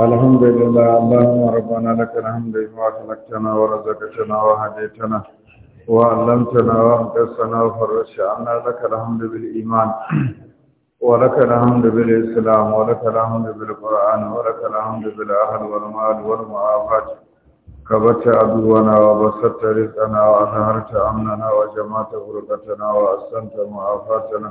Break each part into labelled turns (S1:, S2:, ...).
S1: الحمد لله اللهم ربنا لك الحمد لما خلقتنا ورزقتنا وهديتنا وعلمتنا وانقصنا وفرجت عنا لك الحمد بالإيمان ولك الحمد بالإسلام ولك الحمد بالقرآن ولك الحمد بالأهل والمال والمعافات كبت عدونا وبسطت رزقنا وأظهرت أمننا وجمعت غربتنا وأحسنت معافاتنا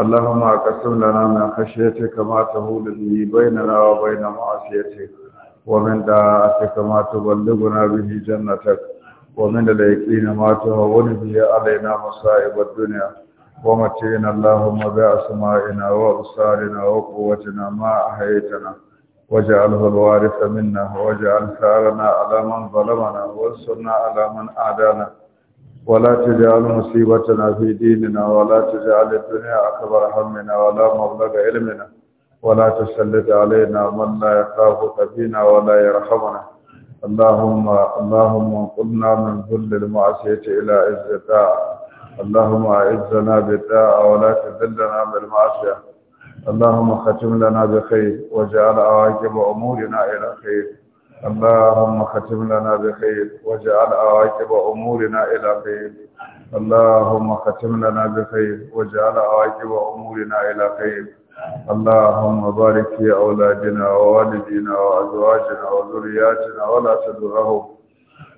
S1: اللهم اقسم لنا من خشيتك ما تهول به بيننا وبين معصيتك ومن دعاتك ما تبلغنا به جنتك ومن اليقين ما تهون به علينا مصائب الدنيا ومتعنا اللهم بأسمائنا وأبصارنا وقوتنا ما أحييتنا واجعله الوارث منا واجعل ثارنا على من ظلمنا وانصرنا على من أعدانا ولا تجعل مصيبتنا في ديننا ولا تجعل الدنيا أكبر همنا ولا مبلغ علمنا ولا تسلط علينا من لا يخافك فينا ولا يرحمنا اللهم اللهم انقلنا من ذل المعصية إلى عز الطاعة اللهم أعزنا بالطاعة ولا تذلنا بالمعصية اللهم ختم لنا بخير واجعل عواقب أمورنا إلى خير اللهم ختم لنا بخير واجعل عواقب امورنا الى خير اللهم ختم لنا بخير واجعل عواقب امورنا الى خير اللهم بارك في اولادنا ووالدينا وازواجنا وذرياتنا ولا تدرهم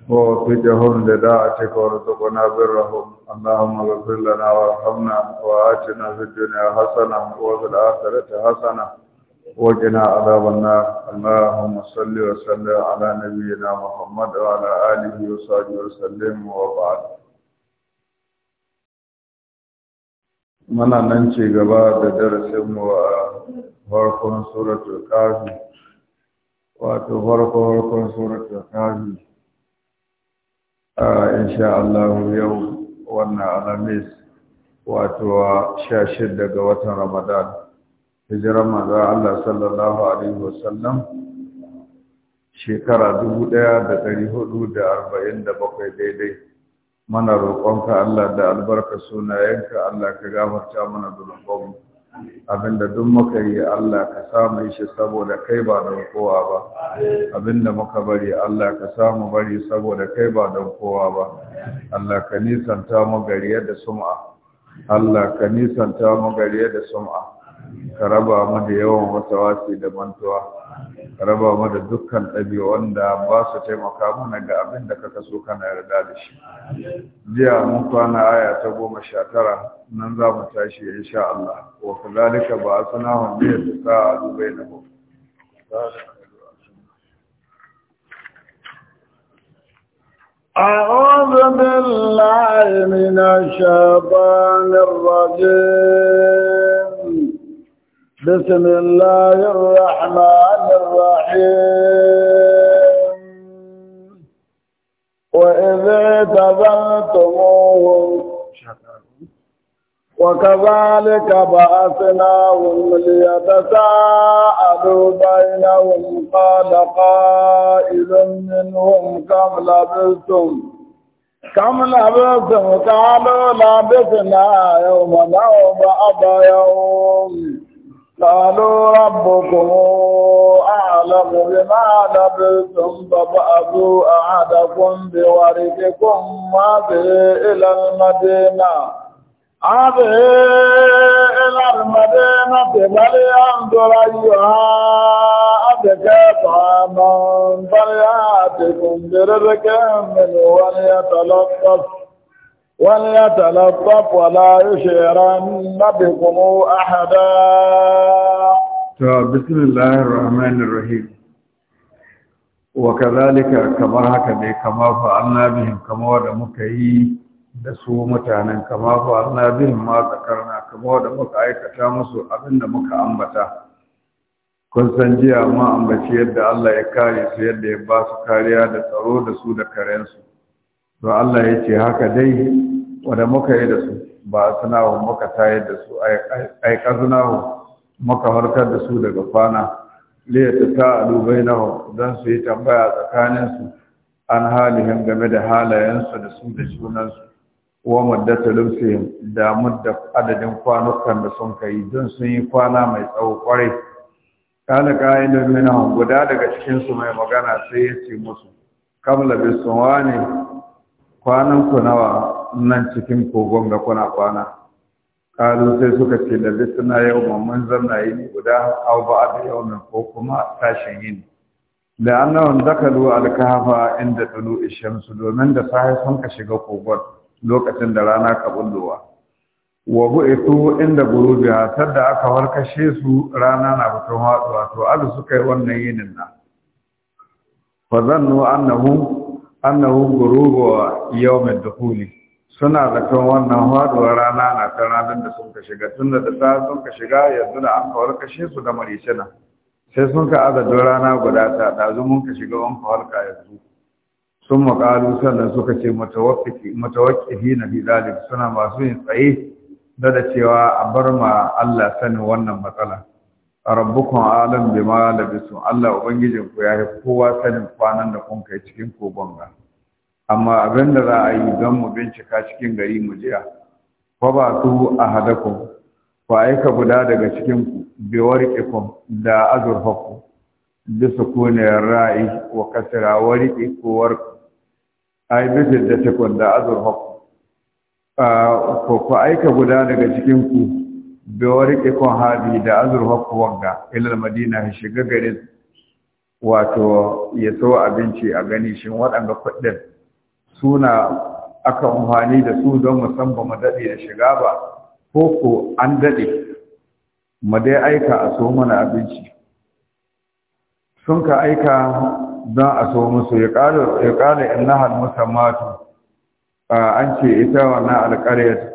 S1: ووفقهم لداعتك وارزقنا برهم اللهم اغفر لنا وارحمنا واتنا في الدنيا حسنه وفي الاخره حسنه وقنا عذاب النار اللهم صل وسلم على نبينا محمد وعلى اله وصحبه وسلم وبعد muna nan ce gaba da darasinmu a farkon suratul kafi wato farko farkon suratul kafi a insha Allah yau wannan alamis wato 16 ga watan Ramadan hijiran maza Allah sallallahu alaihi wasallam shekara dubu ɗaya da ɗari hudu da arba'in da bakwai daidai mana roƙonka Allah da albarka sunayenka Allah ka gafarta mana zunubanmu abinda duk muka yi Allah ka samu shi saboda kai ba don kowa ba abinda muka bari Allah ka samu bari saboda kai ba da kowa ba Allah ka nisanta mu gariya da sum'a Allah ka nisanta mu gariya da sum'a ka raba mu da yawan wasi da mantuwa ka raba mu da dukkan ɗabi wanda ba su taimaka mana ga abin da kaka so kana yarda da shi jiya mun kwana aya ta goma sha tara nan za mu tashi insha Allah wa kazalika ba asana wanda ya tsaka a dubai na mu
S2: أعوذ بالله من الشيطان الرجيم بسم الله الرحمن الرحيم وإذ اعتزلتموهم وكذلك بعثناهم ليتساءلوا بينهم قال قائل منهم كم لبثتم كم لبثتم قالوا لبثنا يوما أو بعض يوم la a lụabụụl na ladba dhadgod raalamadi ha ndọrọ ọha a aria dụaioha abiga nabariha diụddobekehaen ali ya tọlọbadụ وليتلطف ولا يشيرن بكم أحدا بسم الله الرحمن
S1: الرحيم وكذلك كما هكذا كما فعلنا بهم كما ود مكي da su mutanen kama fa'alna bihim ma zakarna kama da muka aikata musu abin da muka ambata kun san jiya ma ambaci yadda Allah ya kare su yadda ya ba su kariya da tsaro da su da karensu to Allah ya ce haka dai wanda muka yi da su ba sunawo muka tayar da su ai karnawo muka harkar da su daga kwana liyata ta alubai nawa don su yi tambaya tsakaninsu an halihin game da halayensu da su da sunansu wa muddata damar da mudda adadin kwanukan da sun kai don sun yi kwana mai tsawo kwarai kayan ka'idar minahum guda daga cikinsu mai magana sai ya ce musu kam bisuwa ne. kwanan ku nawa nan cikin kogon ga kuna kwana kalu sai suka ce da lissana yau mun zanna yi guda au ba a da yau ko kuma tashin yin da annawan zakalu alkahafa inda tulu ishamsu domin da sahi sun ka shiga kogon lokacin da rana ka bullowa wa bu'itu inda gurubiha da aka warkashe su rana na fitowa to azu suka yi wannan yinin na fa zannu annahu annahu yawm da dukhul suna zaton wannan haduwar rana na ta ranar da sun ka shiga tun da ta sun ka shiga yanzu da an kawar kashe su da maricina sai sun ka azadin rana guda ta mun ka shiga an kawar ka yanzu sun makalu sannan suka ce matawakifi na bidalik suna masu yin tsaye da da cewa a bar ma Allah sanin wannan matsala rabbukum alam bima labisu Allah ubangijin ku yayi kowa sanin kwanan da kun kai cikin kogon ga amma abin da za a yi don mu bincika cikin gari mu jiya fa ba su ahadakum ku aika guda daga cikin ku bi ku da azurfaku bi sukuni ra'i wa kasra warke ku war ai bi da da azurfaku ah, ku aika guda daga cikin ku bewari warike kun hadi da azurfa ku wanga madina madina shiga gare wato ya so abinci a gani shin waɗanga kudin suna aka amfani da su don musamman mu daɗe da shiga ba ko ko an daɗe mu dai aika a so mana abinci sun ka aika don a so musu ya ƙara innahal musammatu an ce ita wannan alƙaryar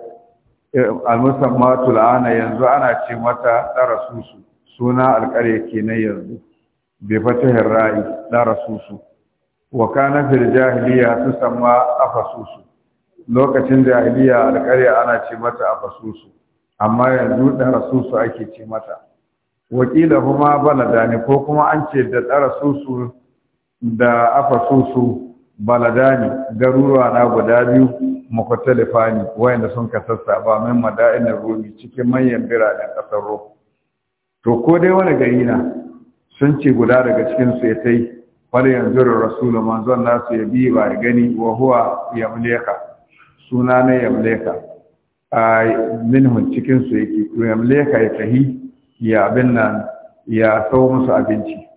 S1: al-musammatu al'ana yanzu ana ce mata susu suna alƙarya kenan yanzu bi fatihir ra'i darasusu wa kana fil jahiliya su afa afasusu lokacin jahiliya alƙarya ana ce mata afasusu amma yanzu ɗarasusu ake ce mata wakila bala dani ko kuma an ce da susu da afasusu baladani garuruwa na guda biyu mukhtalifani wayanda sun ka sassaba min madainir rumi cikin manyan biranen kasar rum to ko dai wani gari na sun ce guda daga cikin su ya tai wani yanzu da rasulu manzon nasu ya bi ba ya gani wa huwa yamleka suna na yamleka a minhun cikin su yake to yamleka ya tahi ya abin nan ya sau musu abinci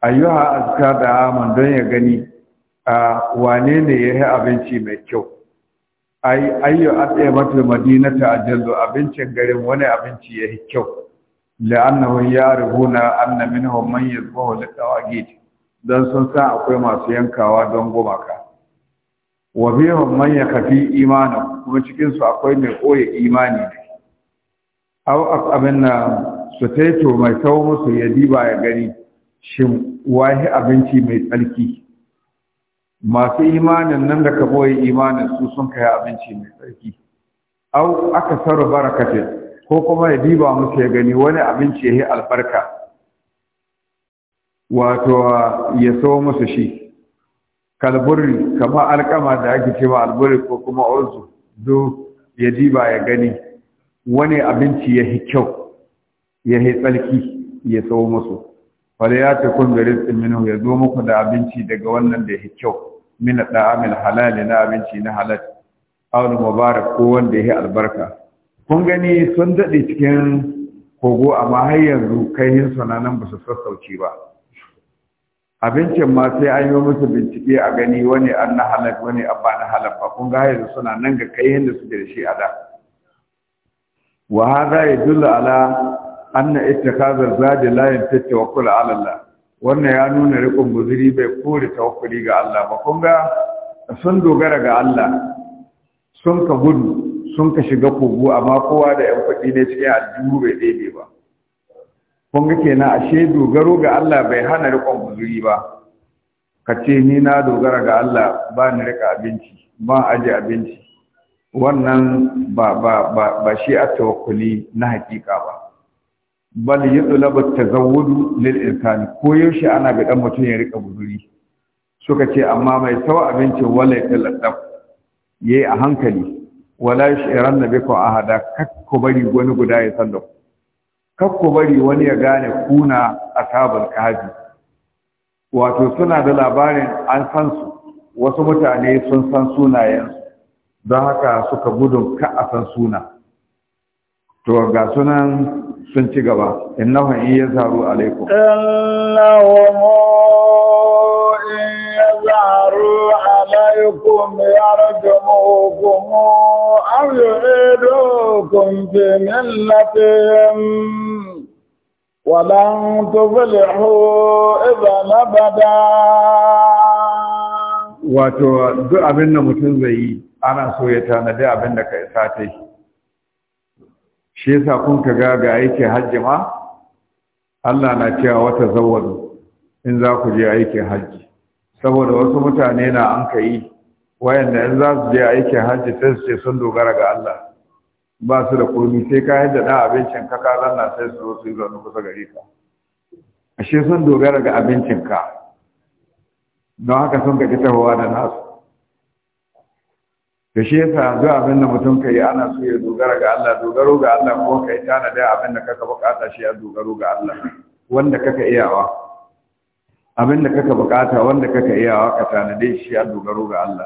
S1: ayyuha azkar da aman don ya gani wane ne ya yi abinci mai kyau ai ayyu ataya mata madinata ajallu abincin garin wani abinci ya yi kyau Da annamin yarihuna ya zuwa wani tsawa gidi. Don sun sa akwai masu yankawa don gumaka
S2: wa bihum ya kafi
S1: imanin, kuma cikinsu akwai mai koya imani ne na su taito mai kyau musu ya diba ya gani shin wahi abinci mai tsarki masu imanin nan da ka boye imanin su sun kai abinci mai tsarki au aka saru barakatin ko kuma ya diba musu ya gani wani abinci ya yi albarka wato ya so musu shi kalburi kama alkama da ake cewa alburi ko kuma ozu do ya diba ya gani wani abinci ya yi kyau ya yi tsarki ya so musu fale ya ce kun gari minhu ya zo muku da abinci daga wannan da ya kyau mina da'amil halali na abinci na halal aul mubarak ko wanda ya albarka kun gani sun daɗe cikin kogo amma har yanzu kai na nan ba su sassauci ba abincin ma sai an yi musu bincike a gani wani an na halal wani an ba na halal ba kun ga yanzu suna nan ga kai da suke da shi a da wa hada yadullu ala anna ittikazar zadi la yatawakkul ala Allah wannan ya nuna riƙon guzuri bai kore tawakkuli ga Allah ba kun ga sun dogara ga Allah sun ka gudu sun ka shiga kogo amma kowa da yan kuɗi ne cikin aljihu bai daidai ba kun ga kenan ashe dogaro ga Allah bai hana rikon guzuri ba ka ce ni na dogara ga Allah ba ni riƙa abinci ba aje abinci wannan ba ba ba, ba shi a tawakkuli na hakika ba bal yudlabu tazawwudu lil insani ko yaushe ana ga dan mutum ya rika buzuri suka ce amma mai tawa abinci wala yatallab yayi a hankali wala yashiran a ahada kakko bari wani guda ya sanda kakko bari wani ya gane kuna a tabar kaji. wato suna da labarin an san su wasu mutane sun san sunayen don haka suka gudun ka a san suna to ga sunan sun ci gaba innahu in yazharu alaikum innahu
S2: in yazharu alaikum yarjumukum aw yu'idukum fi millatihim ولن تفلحوا إذا أبدا
S1: wato duk abin da mutum zai yi ana so ya tanadi abin da ka isa ta yi shi yasa kun ka ga ga aiki hajji ma Allah na cewa wata zawwadu in za ku je aikin hajji saboda wasu mutane na an ka yi wayanda in za su je aikin hajji sai su ce sun dogara ga Allah ba su da komi sai ka yadda da abincin ka ka zanna sai su zo su yi zaune kusa gare ka ashe sun dogara ga abincin ka don haka sun ka ki da nasu da shi yasa duk abin da mutum kai ana so ya dogara ga Allah dogaro ga Allah ko kai tana da abin da kaka bukata shi ya dogaro ga Allah wanda kaka iyawa abin da kaka bukata wanda kaka iyawa ka tana da shi ya dogaro ga Allah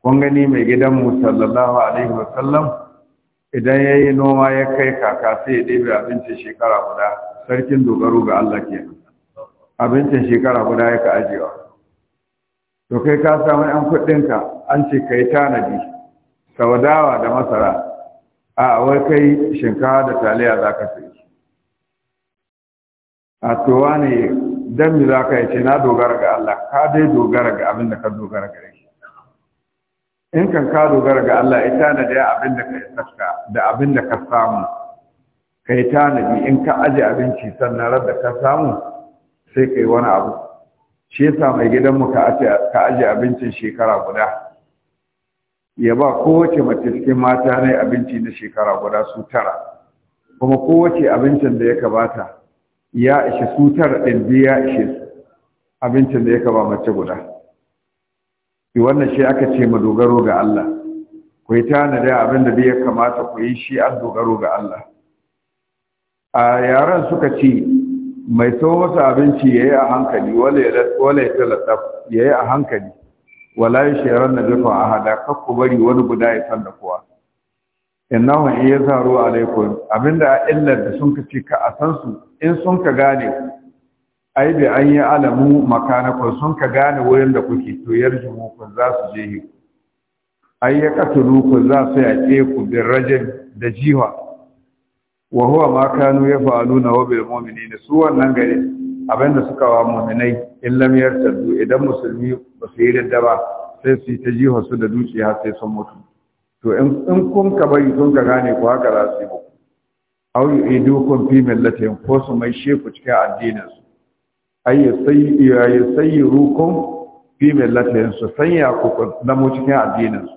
S1: kun gani mai gidan mu sallallahu alaihi wa sallam idan yayi noma ya kai kaka sai ya ɗebe abincin shekara guda sarkin dogaro ga Allah kenan abincin shekara guda ka ajewa to kai ka samu yan kuɗinka an ce ka yi tanadi saudawa da masara a wai kai shinkawa da taliya za ka sai a towa ne dan mi za ka yi ce na dogara ga Allah ka dai dogara ga abin da ka dogara ga shi in kan ka dogara ga Allah ya tanadi abin da ka saka da abin da ka samu ka yi tanadi in ka aje abinci sannan da ka samu sai ka yi wani abu shi yasa mai gidanmu ka aje abincin shekara guda ya ba kowace mace cikin mata ne abinci na shekara guda su tara kuma kowace abincin da ya kabata ya ishe su tara ɗin biyu ya ishe abincin da ya kaba mace guda wannan shi aka ce ma dogaro ga Allah ku yi tanada abin da ya kamata ku yi shi an dogaro ga Allah a yaran suka ce mai so wasu abinci ya yi a hankali wale ya talata ya yi a hankali wala ya shayar na jikon a hada kakku bari wani guda ya san da kowa hun in ya zaro laikon abinda a illar da sun kace ka a san su in sun ka gane ai bi an yi alamu makanakon sun ka gane wurin da kuke to yarjumu za su je ku ai ya katulu ku za su yaƙe ku bin da jiha. wa huwa ma kanu yaf'aluna wa bil mu'minin su wannan gare abinda suka wa mu'minai in lam yartadu idan musulmi ba su yi da ba sai su ta jiho su da dukiya sai sun mutu to in kun ka bari kun ka gane ku haka za su yi muku aw kun fi millatin ko su mai shefu cikin addinin su ay rukum fi millatin su sanya ku mu cikin addinin su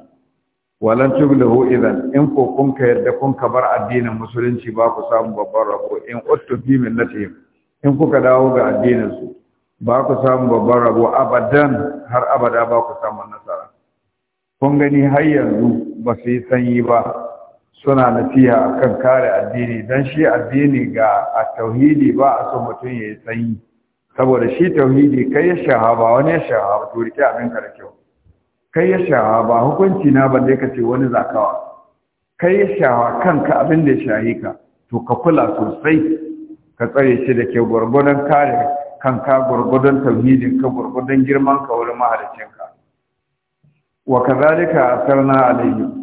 S1: walan tublahu idan in ko kun ka yadda kun ka bar addinin musulunci ba ku samu babban rabo in uttu fi millatihim in kuka dawo ga addinin su ba ku samu babban rabo abadan har abada ba ku samu nasara kun gani har yanzu ba su yi sanyi ba suna nasiha akan kare addini dan shi addini ga a tauhidi ba a so mutum ya yi sanyi saboda shi tauhidi kai ya shahaba wani ya shahaba to rike abin ka da kyau kai ya shawa ba hukunci na ba ka ce wani zakawa kai ya shawa kanka abin da ya shahi ka to ka kula sosai ka tsare shi da ke gwargwadon kare kanka gwargwadon tauhidin ka gwargwadon girman
S2: ka wurin ka
S1: wa kazalika asarna alaihim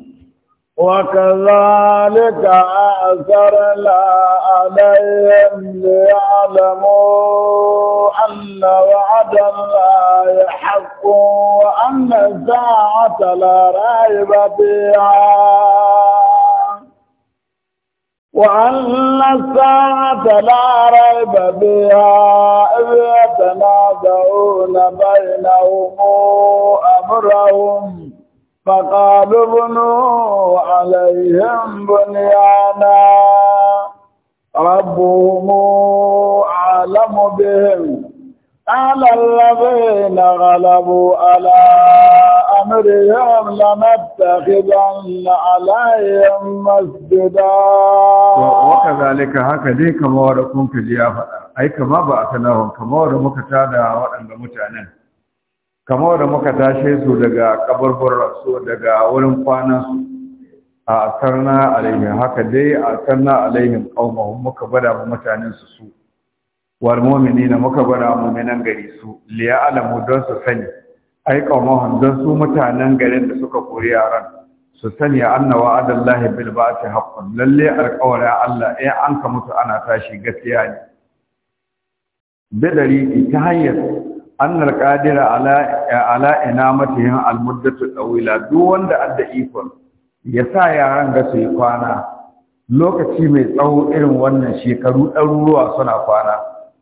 S2: وكذلك أعثرنا عليهم ليعلموا أن وعد الله حق وأن الساعة لا ريب فيها وأن الساعة لا ريب فيها إذ يتنازعون بينهم أمرهم فقالوا بنوا عليهم بنيانا ربهم أعلم بهم على الذين غلبوا على أمرهم لنتخذن عليهم مسجدا
S1: وكذلك هكذا كما ورقون كجيافة أي كما بأتناهم كما ورمك تادا وأن متعنين kamar da muka tashe su daga su daga wurin kwanan su, a asarna alaihim haka dai a asarna alaihim qaumahum muka gwada mu mutanen su su mu'mini na muka gwada minan gari su liya alamu don su sani ai qaumahum don su mutanen garin da suka kori yaran su sani anna wa'adallahi bil ba'ti haqqan lalle alqawla Allah eh an ka mutu ana tashi gaskiya ne bidari ta hanyar an qadira ala ala inamatihim almuddatu tawila duk wanda adda ikon ya sa yaran ga su yi kwana lokaci mai tsawo irin wannan shekaru ɗaruruwa suna kwana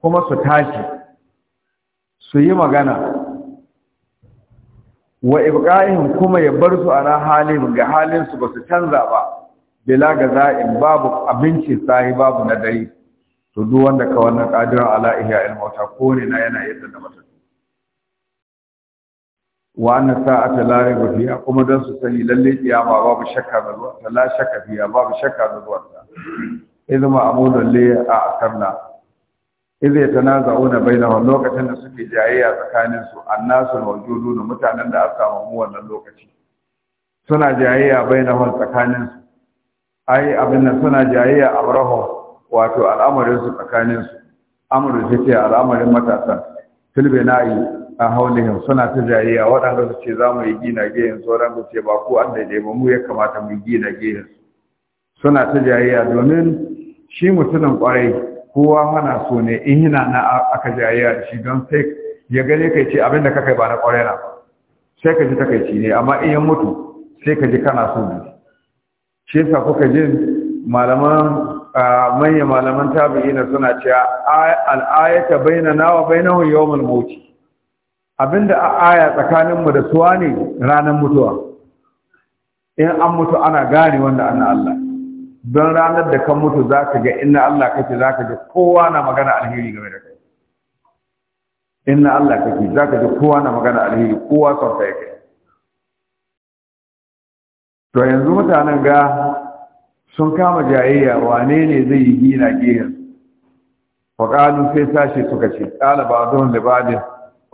S1: kuma su tashi su yi magana wa ibqa'ihim kuma ya bar su ala halin ga halin su ba su canza ba bila ga za'in babu abinci sai babu na dare to duk wanda ka wannan qadirin ala ihya al mauta ko ne na yana yadda da mutum wa anna sa'ata la rayba fiha kuma dan su sani lalle kiyama babu shakka da zuwa ta la shakka fiha babu shakka da zuwa ta idan ma'amulun le a akamna idan ya tanaza'una bainahum lokacin da suke jayayya tsakanin su annasu na mutanen da aka samu mu wannan lokaci suna jayayya bainahum tsakanin su ai abin nan suna jayayya amrahum wato al'amarin su tsakanin su amru ce al'amarin matasan filbe na'i a haulihin suna ta jayayya waɗanda su ce za mu yi gina gehen su waɗanda ce ba ko an daidai ba mu ya kamata mu yi gina gehen suna ta jayayya domin shi mutumin ƙwarai kowa mana so ne in yana na aka jayayya da shi don sai ya gane kai ce abin da ka kai ba na ƙwarai na sai ka ji takaici ne amma in ya mutu sai ka ji kana so ne shi yasa kuka jin malaman manya malaman tabi'ina suna cewa al'ayata bainana wa bainahu yawmul mawti abinda a aya tsakaninmu da suwa ne ranar mutuwa in an mutu ana gane wanda ana Allah don ranar da kan mutu za ka ga inna Allah kake za ka ga kowa na magana alheri game da kai inna Allah kake za ka ga kowa na magana alheri kowa son ka yake to yanzu mutanen ga sun kama jayayya wane ne zai yi gina gehen faƙalu sai sashi suka ce ƙala ba don libadin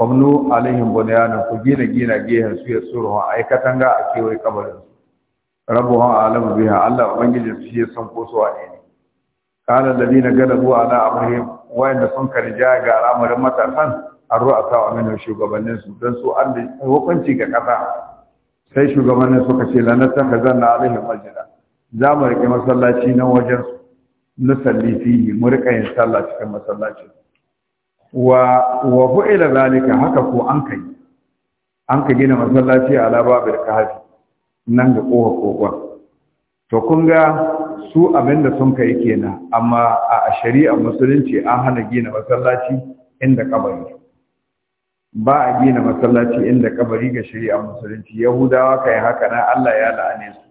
S1: wamnu alaihim bunyanan ku gina gina gehen su ya tsoro a aikatan ga a kewaye kabarin su rabu ha alamu biha Allah ubangiji su ya san ko suwa ne kana ladina na ala amrihim wa'anda sun karja ga al'amarin matasan a sawa minhu shugabannin su dan su Allah hukunci ga kasa sai shugabannin suka ce na kazanna alaihim majda za mu rike masallaci nan wajen su nusalli fihi mu rika yin sallah cikin masallacin wa wa fu'ila zalika haka ko an kai an ka gina masallaci a lababil kahfi nan ga kowa kowa to kun ga su abinda sun kai kenan amma a shari'a musulunci an hana gina masallaci inda kabari ba a gina masallaci inda kabari ga shari'a musulunci yahudawa kai haka na Allah ya la'ane su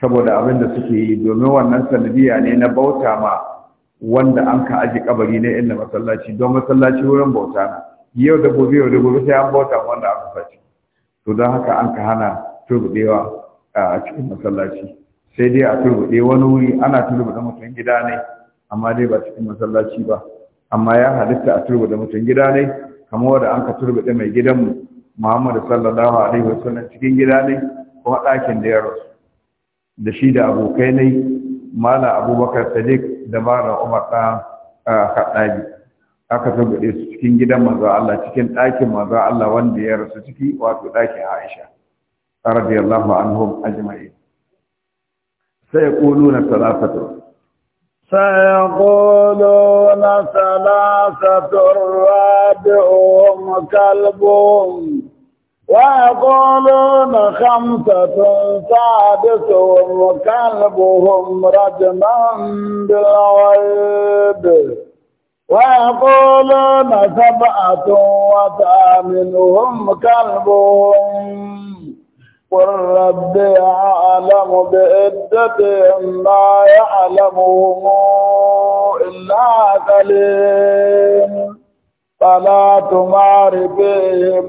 S1: saboda abinda suke yi domin wannan sanadiya ne na bauta ma wanda an ka aje kabari na inda masallaci don masallaci wurin bauta na yau da gobe yau da gobe sai an bauta wanda aka sace to don haka an ka hana turbudewa a cikin masallaci sai dai a turbude wani wuri ana turbude mutum gida ne amma dai ba cikin masallaci ba amma ya halitta a turbude mutum gida ne kamar wanda an ka turbude mai gidanmu Muhammadu sallallahu alaihi wasallam cikin gida ne ko ɗakin da ya rasu da shi da abokai ne mala abubakar sadiq dabarar Umar da Kaɗabi aka turbuɗe su cikin gidan manzo Allah cikin ɗakin manzo Allah wanda ya rasu ciki wato ɗakin Aisha radiyallahu anhum ajma'in sai na salasatu
S2: سيقولون ثلاثة rabbuhum كلبهم ويقولون خمسة سادسهم وكلبهم رجما بالغيب ويقولون سبعة وثامنهم كلبهم قل ربي أعلم بعدتهم ما يعلمهم إلا قليل فلا تمار فيهم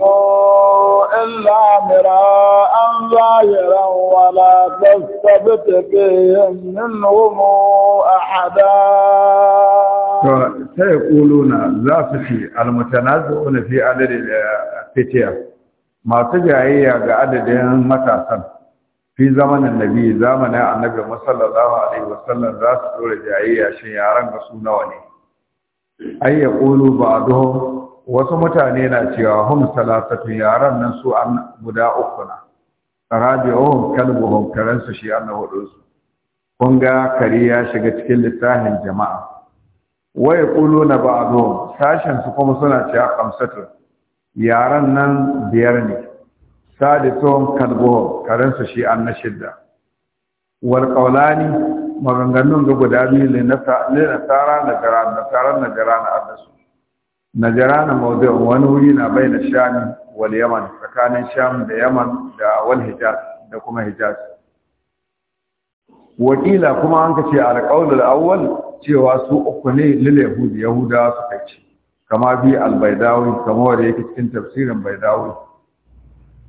S2: إلا مراء ظاهرا ولا تستبت فيهم منهم أحدا
S1: سيقولون ذات في المتنازعون في عدد الفتية ما سجعي عدد متاسم fi zamanin nabi zamanin annabi sallallahu alaihi wasallam za su dora jayayya shin yaran ga su nawa ne ay ba ba'dhum wasu mutane na cewa hum salasatu yaran nan su an guda uku na rabi'uhum kalbuhum karan su shi an hudu su kun ga kare ya shiga cikin littafin jama'a wa yaquluna ba'dhum sashen su kuma suna cewa khamsatu yaran nan biyar ne sadisuhum kalbuhum karan su shi an shidda wal qawlani maganganun ga guda biyu ne na nasara na gara na nasara na gara na najarana mawdu' wani wuri na baina sham wal yaman tsakanin sham da yaman da wal hijaz da kuma hijaz wakila kuma an kace al awwal cewa su uku ne lil yahudi yahuda su kace kama bi baydawi kama wanda yake cikin tafsirin baydawi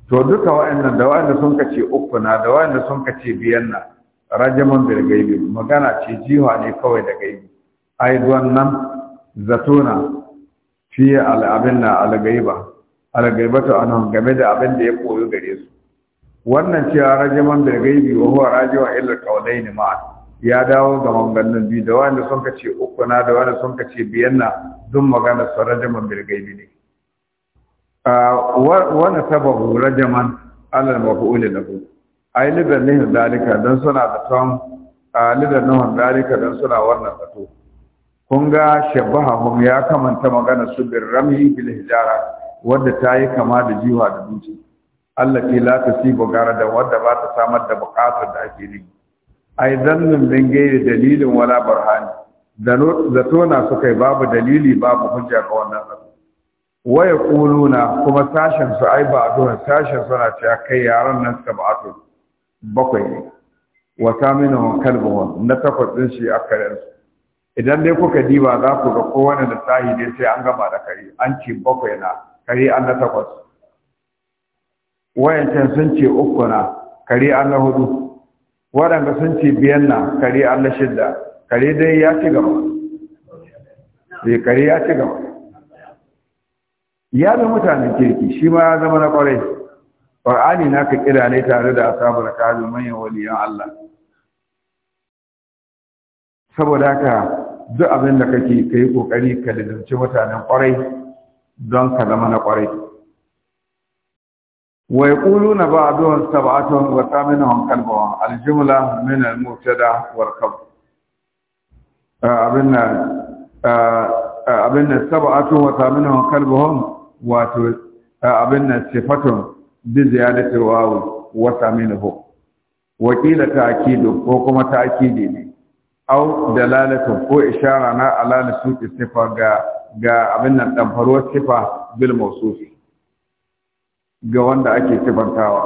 S1: to duka wa'annan da wa'annan sun kace uku na da wa'annan sun kace biyan na rajaman bil gaibi magana ce jiwa ne kawai da gaibi ai nan zatona fiye al'abin na algaiba algaibatu anhum game da abin da ya koyo gare su wannan cewa rajaman bil biyu wa huwa rajiwa illa ne ma'a ya dawo ga maganganun biyu da wanda sun kace uku na da wanda sun kace biyan na dun magana su rajaman bil biyu ne wani sababu rajaman alal mafi'uli a yi libar nihin dalika don suna da tom a nihin dalika don suna wannan zato kun ga shabahahum ya kamanta magana su bin rami bil hijara wadda ta yi kama da jiwa da dutse Allah ke la ta si bugara da wadda ba ta samar da bukatar da ake nufi ai zannun bin gairi dalilin wala barhani zato na su kai babu dalili babu hujja ga wannan abu waya kuluna kuma sashen su ai ba don sashen suna cewa kai yaran nan sab'atu bakwai ne wa saminu kalbuhum na takwas din shi akarin su idan dai kuka diba za ku ga kowane lissahi dai sai an gama da kare an ce bakwai na kare an na takwas wayancan sun ce uku na kare an na hudu waɗanda sun ce biyan na kare an na shidda kare dai ya ci gaba sai eh, kari ya ci gaba ya bi mutanen kirki shi ma ya zama na kwarai ƙwar'ani na ka kira ne tare da asabar kazi manyan waliyan Allah saboda haka duk abin da kake ka yi ƙoƙari ka lidinci mutanen ƙwarai don ka zama na ƙwarai wa yaqulu na ba'dhum sab'atun wa thaminuhum kalbuhum al-jumla min al-mubtada wal khabar ah, ah, ah, abin nan sab'atun wa thaminuhum kalbuhum wato abin nan sifatun bi ziyadati wawu wa thaminuhu wa qila ta'kidu ko kuma ta'kidi ne au dalalatu ko ishara na ala nusuki sifa ga ga abin nan damfaruwar sifa bil mawsufi ga wanda ake sifantawa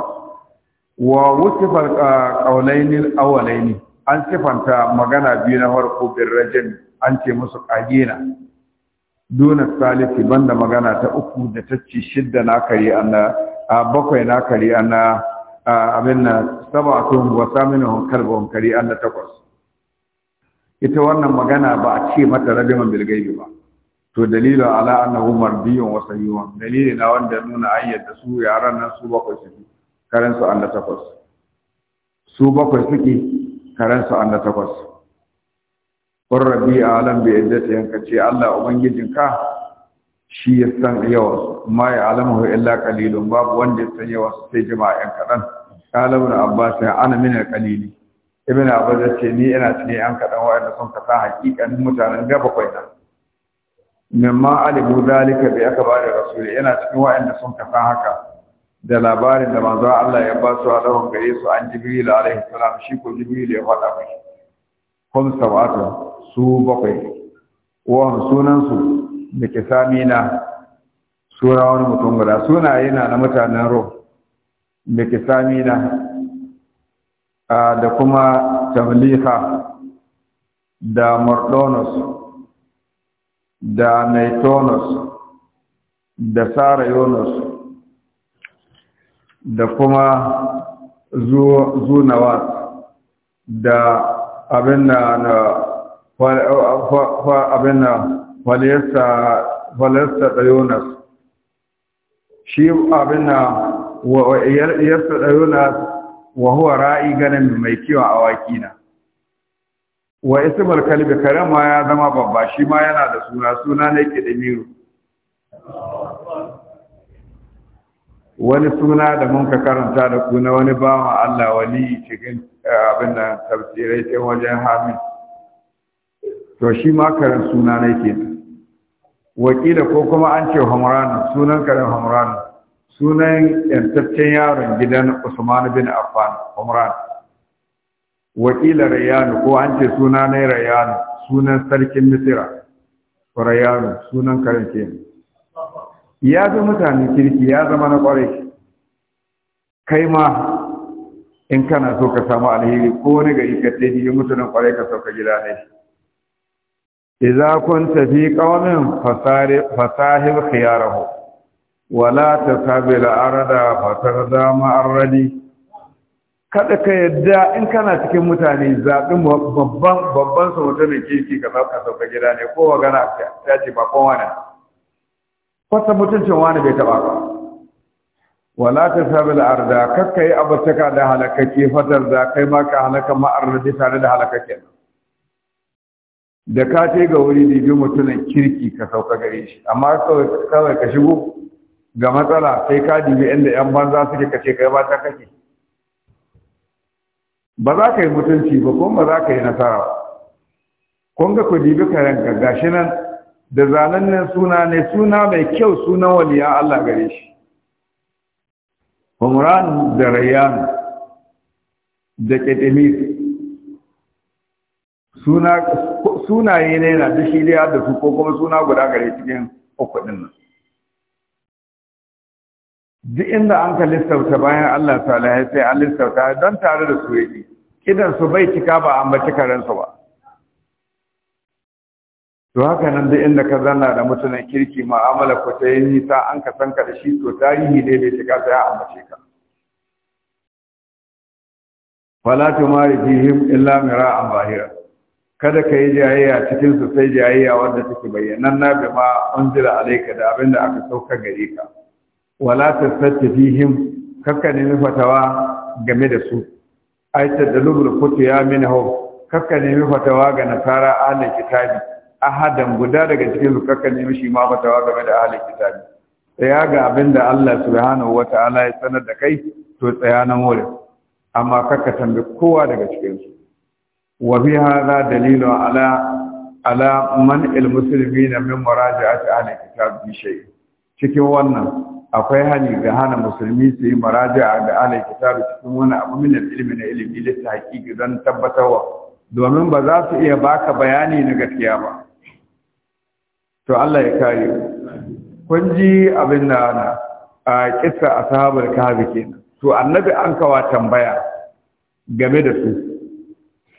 S1: wa wusifar qaulainil awwalaini an sifanta magana biyu na farko bil rajin an ce musu qagina duna salisi banda magana ta uku da ta ci shidda na kare anna a bakwai na kare anna abin nan sabatun wa saminu kalbun kare anna takwas ita wannan magana ba a ce mata rajiman bilgaibi ba to dalilu ala annahu mardiyun wa sahihun dalili na wanda nuna an yadda su yaran nan su bakwai suke karen su Allah takwas su bakwai suke karen su Allah takwas qur rabbi alam bi iddatihin yanka ce Allah ubangijin ka? shi ya san yawa ma ya alamu illa qalilun babu wanda ya san yawa sai jama'a yan kadan qala abbas ya ana min kalili ibn abbas ya ce ni ina cikin yan kaɗan wa'anda sun kasa hakikanin mutanen gaba na. mimma alibu zalika bai aka ba da rasuli yana cikin wa'anda sun kasa haka da labarin da manzo Allah ya ba su a dawon gare su an jibril alaihi salam shi ko jibril ya faɗa mai kun sabata su bakwai wa sunan su da na sura wani mutum guda suna yana na mutanen rom da na. da kuma tamliha da mardonus da naitonus da sarayonus da kuma zunawat da abin na abin da falesta shi abin na da dayonas wa huwa ra'i ganin mai kiwa awaki na wa ismul kalbi karama ya zama babba shi ma yana da suna suna ne dimiru wani suna da mun ka karanta da ku na wani bawa Allah wali cikin eh, abin da tafsirai sai wajen hamin to shi ma karan suna ne ke wakila ko kuma an ce hamran sunan karan hamran sunan yantaccen yaron gidan Usman bin Affan Umran wakila Rayyan ko an ce suna ne Rayyan sunan sarkin Misira ko Rayyan sunan karin ya zo mutanen kirki ya zama na kwarai kai ma in kana so ka samu alheri ko wani gari ka tafi yi mutunan kwarai ka sauka gida ne idza kunta fi qaumin fasahib khiyarahu wala ta kabila arada fatar dama arradi kada ka yadda in kana cikin mutane zaɓin babban babban sauta mai kirki ka sauka sauka gida ne ko magana ta ce ba kowa ne kwata mutuncin wani bai taɓa ba wala ta sabil arda kakka yi abartaka da halakake fatar da kai ma ka halaka ma'arradi tare da halakakken da ka ce ga wuri ne bi mutumin kirki ka sauka gare shi amma kawai ka shigo ga matsala sai ka dubi inda yan banza suke kace kai ba ta kake ba za ka yi mutunci ba kuma ba za ka yi nasara ba kun ga ku dibi karenka gashi nan da zanannen suna ne suna mai kyau suna waliya Allah gare shi Umran da Rayyan da Kedemir suna sunaye ne na da shi da su ko kuma suna guda gare cikin uku nan duk inda an ka listauta bayan Allah ya sai an listauta don tare da su idan su bai cika ba an baci karansu ba to haka nan duk inda ka zanna da mutunan kirki ma'amala ku ta yi nisa an ka san ka da shi to tarihi ne bai cika sai an bace ka fala mari fihim illa an bahira kada ka yi jayayya cikin su sai jayayya wanda take bayyana na bi ma jira alaika da abinda aka sauka gare ka wala tasatti fihim kakka mi fatawa game da su ai tadalubul kutu ya min ho kakka nemi fatawa ga nasara ahli kitabi ahadan guda daga cikin su kakka mi shi ma fatawa game da ahli kitabi tsaya ga abinda Allah subhanahu wataala ya sanar da kai to tsaya na wurin amma kakka tambi kowa daga cikin su wa fi hadha dalilu ala ala man al muslimina min murajaati ahli kitabi shay cikin wannan akwai hani ga hana musulmi su yi maraja'a ga alai kitabu cikin wani abu min ilimi na ilimi lissa haƙiƙi don tabbatarwa domin ba za su iya baka bayani na gaskiya ba to Allah ya kare kun ji abin da na a kissa ashabul kahfi kenan to annabi an kawa tambaya game da su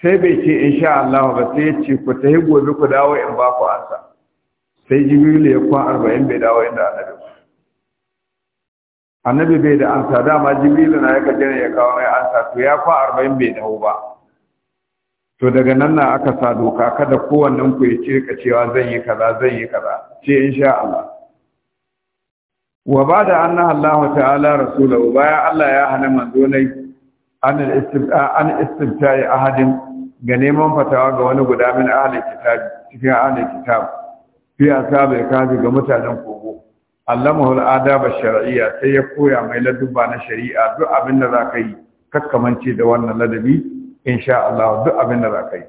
S1: sai bai ce insha Allah ba sai ya ce ku tahi gobe ku dawo in ba ku ansa sai jibril ya kwa 40 bai dawo inda annabi ba annabi bai da ansa dama jibrilu na yaka jira ya kawo mai ansa to ya fa arba'in bai dawo ba to daga nan na aka sa doka kada kowannen ku ya cirka cewa zan yi kaza zan yi kaza ce insha Allah wa bada anna Allah ta'ala rasulahu bayan Allah ya hana manzo nai an istimta'i ahadin ga neman fatawa ga wani guda min ahli kitab cikin ahli kitab fi asabe kaji ga mutanen kogo allamahu al'adaba shar'iyya sai ya koya mai ladubba na shari'a duk abin da zaka yi kakkamance da wannan ladabi insha Allah duk abin da zaka yi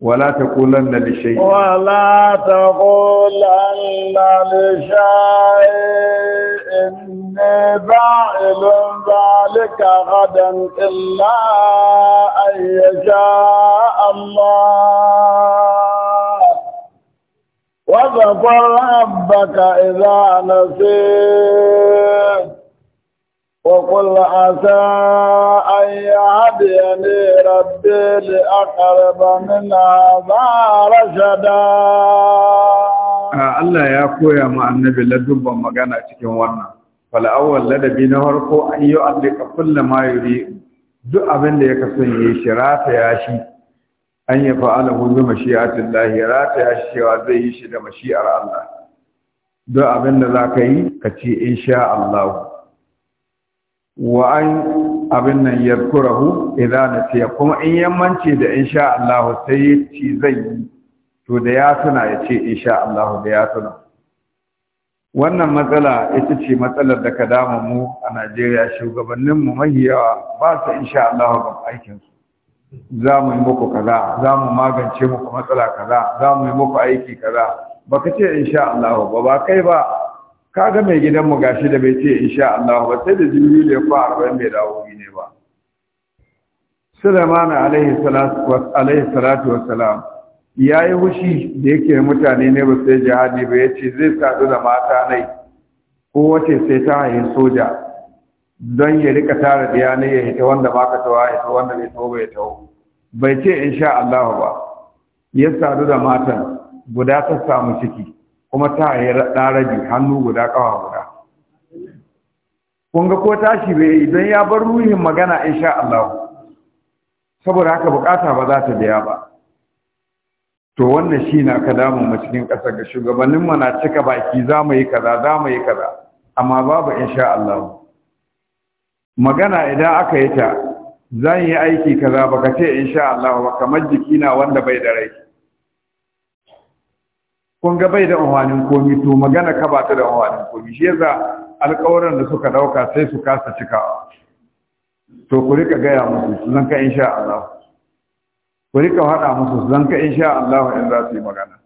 S1: wala taqulanna li shay'in
S2: wala taqulanna li shay'in ba'ilun zalika ghadan illa ayyasha Allah واذكر ربك إذا نسيت وقل عسى أن يهديني ربي لأقرب من هذا رشدا
S1: Allah ya koya ma annabi ladubban magana cikin wannan fal'awwal ladabi na farko an yi allika kullama yuri duk abin da ya kasance yi shirata ya shi an yi fa'alahu bi mashi'atin lahi rata ya cewa zai yi shi da mashi'ar Allah don abin da za ka yi ka ce sha Allah wa an abin nan ya kurahu idan na ce kuma in yammanci da insha Allah sai yi ci zai yi to da ya tuna ya ce insha Allah da ya tuna wannan matsala ita ce matsalar da ka dama mu a Najeriya shugabanninmu mahiyawa ba su insha Allah ga aikinsu za mu yi muku kaza za mu magance muku matsala kaza za mu yi muku aiki kaza Ba ka ce insha Allah ba ba kai ba ka ga mai gidan mu gashi da bai ce insha Allah ba sai da jibril ya ko arba'in bai dawo ne ba Sulaiman alaihi salatu wa alaihi salatu wa salam yayi wushi. da yake mutane ne ba sai jihadi ba yace zai sadu da mata nai ko wace sai ta haihu soja don ya rika tara biya ne ya hita wanda ba ka tawa ya wanda bai tawo ya tawo bai ce in sha Allah ba ya sadu da matan guda ta samu ciki kuma ta yi ɗarabi hannu guda kawa guda Kunga ko tashi bai yi don ya bar ruhin magana in sha Allah saboda haka bukata ba za ta biya ba to wannan shi na ka damu mu cikin ƙasar ga shugabannin mu na cika baki za mu yi kaza za mu yi kaza amma babu insha Allah magana idan aka yi ta zan yi aiki kaza baka ce insha Allah ba kamar jikina wanda bai da rai kun ga bai da umarnin komi to magana ka ba ta da umarnin komi shi yasa alƙawarin da suka dauka sai su kasa cikawa to ku rika gaya musu su in insha Allah ku rika hada musu su in insha Allah in za su yi magana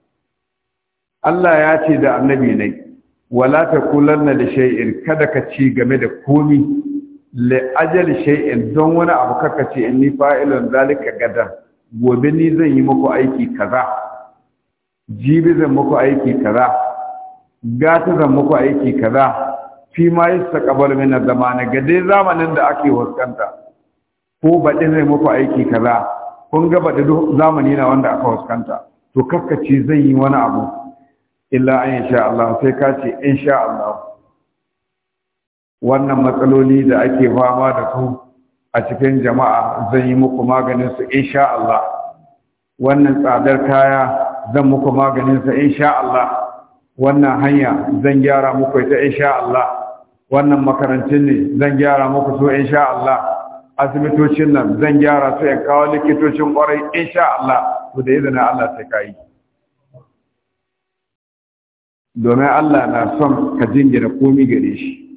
S1: Allah ya ce da annabi ne wala ta kullanna da shay'in kada ka ci game da komi ajal shay'in don wani abu kaka ce inni fa'ilun zalika gadan gobe ni zan yi muku aiki kaza jibi zan muku aiki kaza gata zan muku aiki kaza fi ma yastaqbalu min zamani ga dai zamanin da ake waskanta ko bade zai muku aiki kaza kun ga bade zamani na wanda aka waskanta to ce zan yi wani abu illa an insha Allah sai ka ce insha Allah wannan matsaloli da ake fama da su a cikin jama'a zan yi muku maganin su insha Allah wannan tsadar kaya zan muku maganin su, insha Allah wannan hanya zan gyara muku ita insha Allah wannan makarantun ne zan gyara muku su insha Allah asibitocin nan zan gyara su in kawo likitocin kwarai insha Allah ku da izinin Allah sai yi. domin Allah na son ka jingina komi gare shi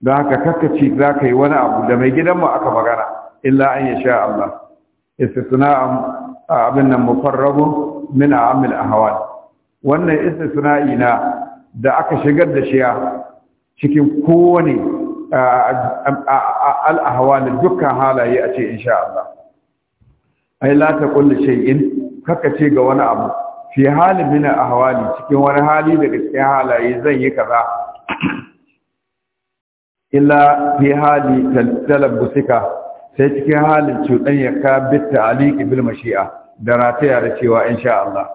S1: Da haka kakkaci za ka yi wani abu da mai gidanmu aka magana illa an ya sha Allah istisna abin nan mufarrabu min amil ahwal wannan istisna'i na da aka shigar da shiya cikin kowane al dukkan halaye a ce in sha Allah ai la ta kulli shay'in kaka ce ga wani abu fi halin min ahwali cikin wani hali daga cikin halaye zan yi kaza illa fi hali talabbusika sai cikin halin cuɗanya ka bitta aliki bil mashi'a da rataya da cewa insha Allah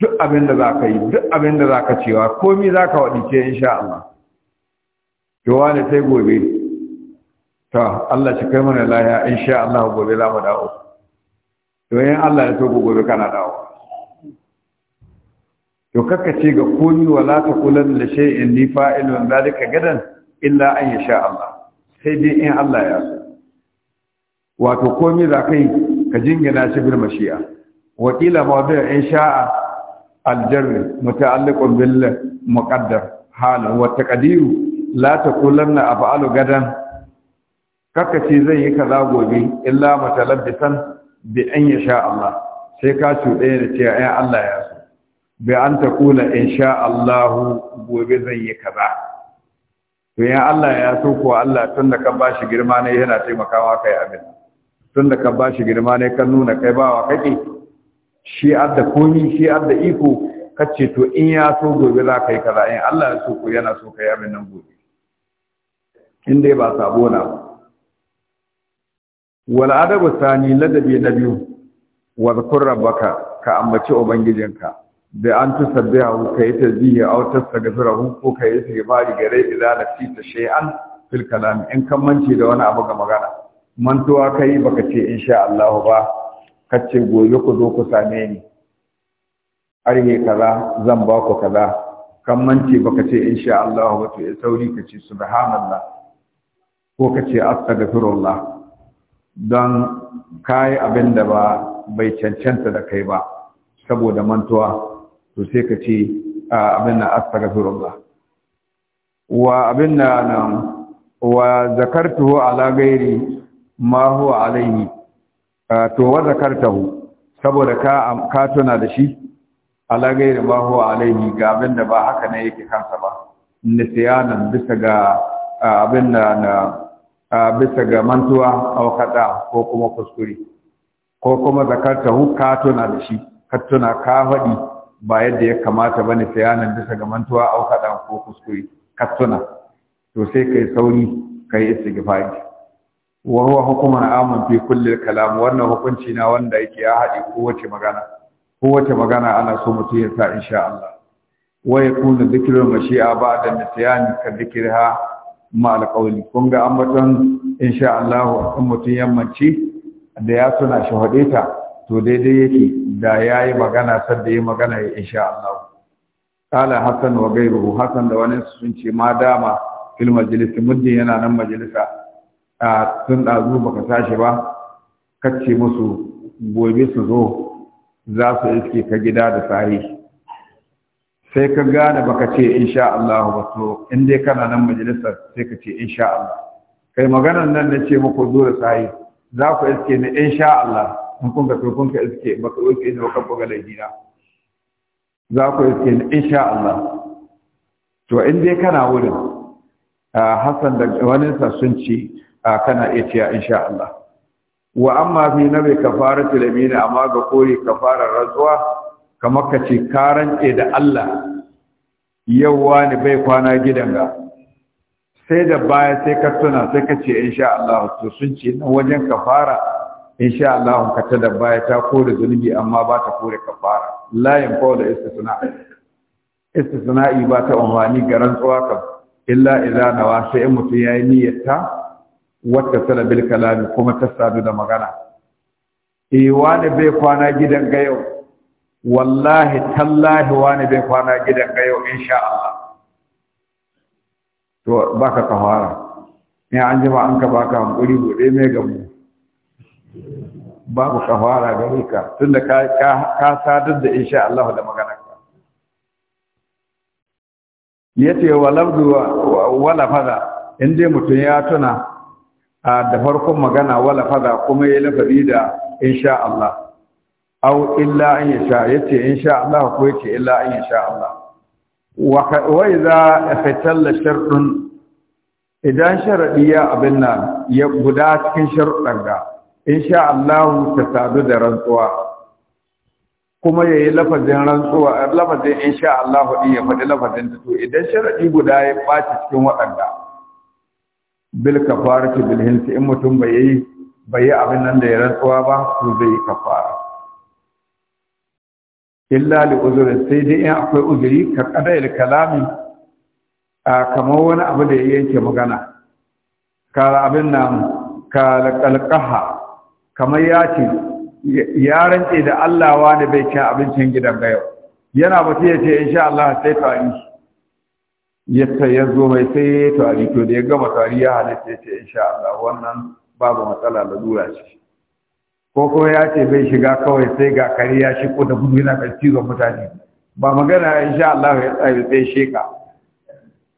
S1: duk abin da zaka yi duk abin da zaka cewa komai zaka wadice insha Allah to wani sai gobe to Allah shi kai mana lafiya insha Allah gobe za mu dawo to in Allah ya so gobe kana dawo to kakkace ce ga komi wala taqulan li shay'in li fa'ilun zalika gadan illa an ya sha Allah sai dai in Allah ya so wato komai za kai ka jingina shi bil mashi'a wa qila mawdu'u in sha'a aljarr muta'alliqun bil muqaddar halan wa taqdiru la taqulanna af'alu gadan kaka ce zai yi kaza gobe illa mutalabbisan bi an ya sha Allah sai ka cuɗe da cewa ai Allah ya so bi an taqula in sha Allah gobe zai yi kaza to ya Allah ya so kuwa Allah tun da ka bashi girma ne yana taimakawa kai amin? tun da ka bashi girma ne kan nuna kai bawa kake shi adda komi shi adda iko kace to in ya so gobe za ka yi kaza in Allah ya so ko yana so kai amin nan gobe in dai ba sabo na ba wal adabu sani ladabi na biyu wa zkur rabbaka ka ambaci ubangijinka da an ta sabbiya hu kai ta zihi aw ta sagfira hu ko kai ta gibari gare idan la fi ta shay'an fil kalam in kan mance da wani abu ga magana mantuwa kai baka ce insha Allah ba kace gobe ku zo ku same ni arhe kaza zan ba ku kaza kan mance baka ce insha Allah ba to sauri ka ce subhanallah ko ka ce astaghfirullah don kai abin da ba bai cancanta da kai ba saboda mantuwa to sai ka ce abin na ba. wa abin na nan wa zakartuhu ala gairi ma huwa alaihi to wa zakartahu saboda ka ka tuna da shi ala gairi ma huwa alaihi ga abin da ba haka ne yake kansa ba nisyanan bisa ga abin da na bisa ga mantuwa aw kada ko kuma kuskure ko kuma zakartahu ka tuna da shi ka tuna ka faɗi ba yadda ya kamata ba ne sayanan bisa ga mantuwa au kaɗan ko kuskure katsuna to sai ka yi sauri ka yi istighfari wa huwa hukumar amon fi kulle kalamu wannan hukunci na wanda yake ya haɗe kowace magana kowace magana ana so mutum ya sa insha Allah wa yakunu zikirin mashi'a ba'da nisyani ka ha ma alqawli kun ga ambaton insha Allah in mutum yammanci da ya suna shahadeta to daidai yake da ya yi magana da ya magana ya insha Allah kala Hassan wa ruhu Hassan da wani sun ce ma dama fil majalisa muddin yana nan majalisa a sun ɗazu baka tashi ba kacce musu gobe su zo za su iske ka gida da sahi sai ka gane baka ce insha Allah ba to in dai kana nan majalisa sai ka ce insha Allah kai maganar nan na ce muku zo da sahi za ku iske ni insha Allah in kun ka so kun ka iske ba ka iske ne ba ka ga laifina za ku iske ni insha Allah to in dai kana wurin Hassan da wani sun ci kana iya ciya insha Allah wa amma fi nabi kafaratu lamina amma ga kore kafarar rantsuwa kamar ka ce karan da Allah yauwa ne bai kwana gidan ga
S2: sai da baya sai ka tuna sai ka ce insha Allah to sun ce nan wajen kafara insha Allah ka ta da baya ta kore zunubi amma ba ta kore kafara la fawo da istisna
S1: istisna'i ba ta umarni ga rantsuwa kan. illa idza nawa sai in mutum yayi niyyata wata sala bil kalam kuma ta sadu da magana eh wani bai kwana gidan ga yau wallahi tallahi wani bai kwana gidan ga yau insha Allah to baka kafara ne an jima an ka baka hankuri gobe mai gamu babu kafara gare ka tunda ka ka sadar da insha Allah da maganar ka yace wa lafdu wa lafaza in dai mutum ya tuna da farkon magana wa lafaza kuma ya lafazi da insha Allah aw illa an yasha yace insha Allah ko yace illa an yasha Allah wa idza fatalla shartun idan sharadi ya abin nan ya guda cikin sharuɗan da. insha Allah ta sadu da rantsuwa kuma yayi lafazin rantsuwa lafazin insha Allah din ya faɗi lafazin to idan sharadi guda ya baci cikin waɗanda bil kafarati bil hinsi in mutum bai yi bai abin nan da ya rantsuwa ba to zai yi kafara illa li uzuri sai dai in akwai uzuri ka kadai kalami a kamar wani abu da ya yanke magana Kala abin nan ka kalqaha kamar ya ce ya rantse da Allah wani bai ci abincin gidan ga yau yana mutu ya ce insha Allah sai tari yadda ya zo mai sai ya tari to da ya gama tari ya halitta ya ce insha Allah wannan babu matsala da dura ce ko kuma ya ce bai shiga kawai sai ga kare ya shiko da gudu yana kan cizon mutane ba magana insha Allah ya tsaya sai sheka